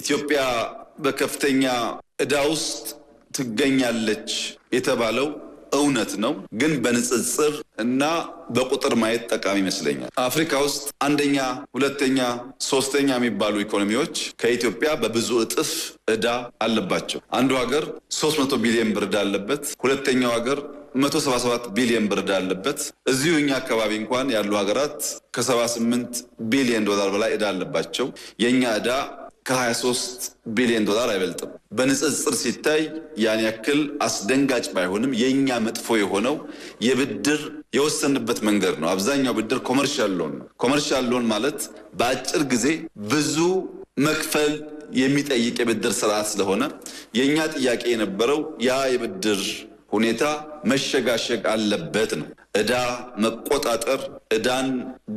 ኢትዮጵያ በከፍተኛ ዕዳ ውስጥ ትገኛለች የተባለው እውነት ነው። ግን በንጽጽር እና በቁጥር ማየት ጠቃሚ ይመስለኛል። አፍሪካ ውስጥ አንደኛ፣ ሁለተኛ፣ ሶስተኛ የሚባሉ ኢኮኖሚዎች ከኢትዮጵያ በብዙ እጥፍ ዕዳ አለባቸው። አንዱ ሀገር 300 ቢሊዮን ብር ዕዳ አለበት። ሁለተኛው ሀገር 177 ቢሊዮን ብር ዕዳ አለበት። እዚሁ እኛ አካባቢ እንኳን ያሉ ሀገራት ከ78 ቢሊዮን ዶላር በላይ ዕዳ አለባቸው። የእኛ ዕዳ ከ23 ቢሊዮን ዶላር አይበልጥም። በንጽጽር ሲታይ ያን ያክል አስደንጋጭ ባይሆንም የእኛ መጥፎ የሆነው የብድር የወሰንበት መንገድ ነው። አብዛኛው ብድር ኮመርሻል ሎን ነው። ኮመርሻል ሎን ማለት በአጭር ጊዜ ብዙ መክፈል የሚጠይቅ የብድር ስርዓት ስለሆነ የእኛ ጥያቄ የነበረው ያ የብድር ሁኔታ መሸጋሸግ አለበት ነው። እዳ መቆጣጠር፣ እዳን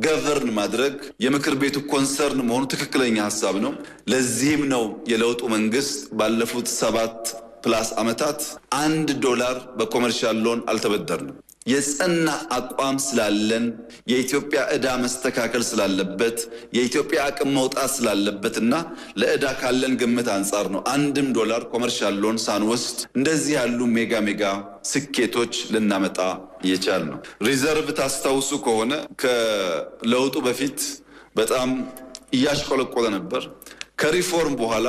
ገቨርን ማድረግ የምክር ቤቱ ኮንሰርን መሆኑ ትክክለኛ ሀሳብ ነው። ለዚህም ነው የለውጡ መንግስት ባለፉት ሰባት ፕላስ ዓመታት አንድ ዶላር በኮመርሻል ሎን አልተበደርንም። የጸና አቋም ስላለን የኢትዮጵያ ዕዳ መስተካከል ስላለበት የኢትዮጵያ አቅም መውጣት ስላለበት እና ለዕዳ ካለን ግምት አንጻር ነው አንድም ዶላር ኮመርሻል ሎን ሳንወስድ እንደዚህ ያሉ ሜጋ ሜጋ ስኬቶች ልናመጣ የቻል ነው። ሪዘርቭ ታስታውሱ ከሆነ ከለውጡ በፊት በጣም እያሽቆለቆለ ነበር። ከሪፎርም በኋላ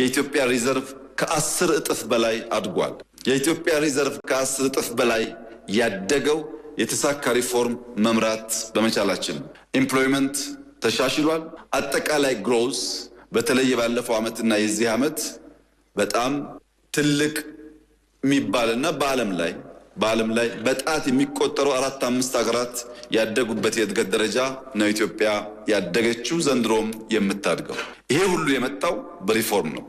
የኢትዮጵያ ሪዘርቭ ከአስር እጥፍ በላይ አድጓል። የኢትዮጵያ ሪዘርቭ ከአስር እጥፍ በላይ ያደገው የተሳካ ሪፎርም መምራት በመቻላችን ነው። ኢምፕሎይመንት ተሻሽሏል። አጠቃላይ ግሮዝ በተለይ ባለፈው ዓመትና የዚህ ዓመት በጣም ትልቅ የሚባልና በዓለም ላይ በዓለም ላይ በጣት የሚቆጠሩ አራት አምስት ሀገራት ያደጉበት የእድገት ደረጃ ነው ኢትዮጵያ ያደገችው፣ ዘንድሮም የምታድገው። ይሄ ሁሉ የመጣው በሪፎርም ነው።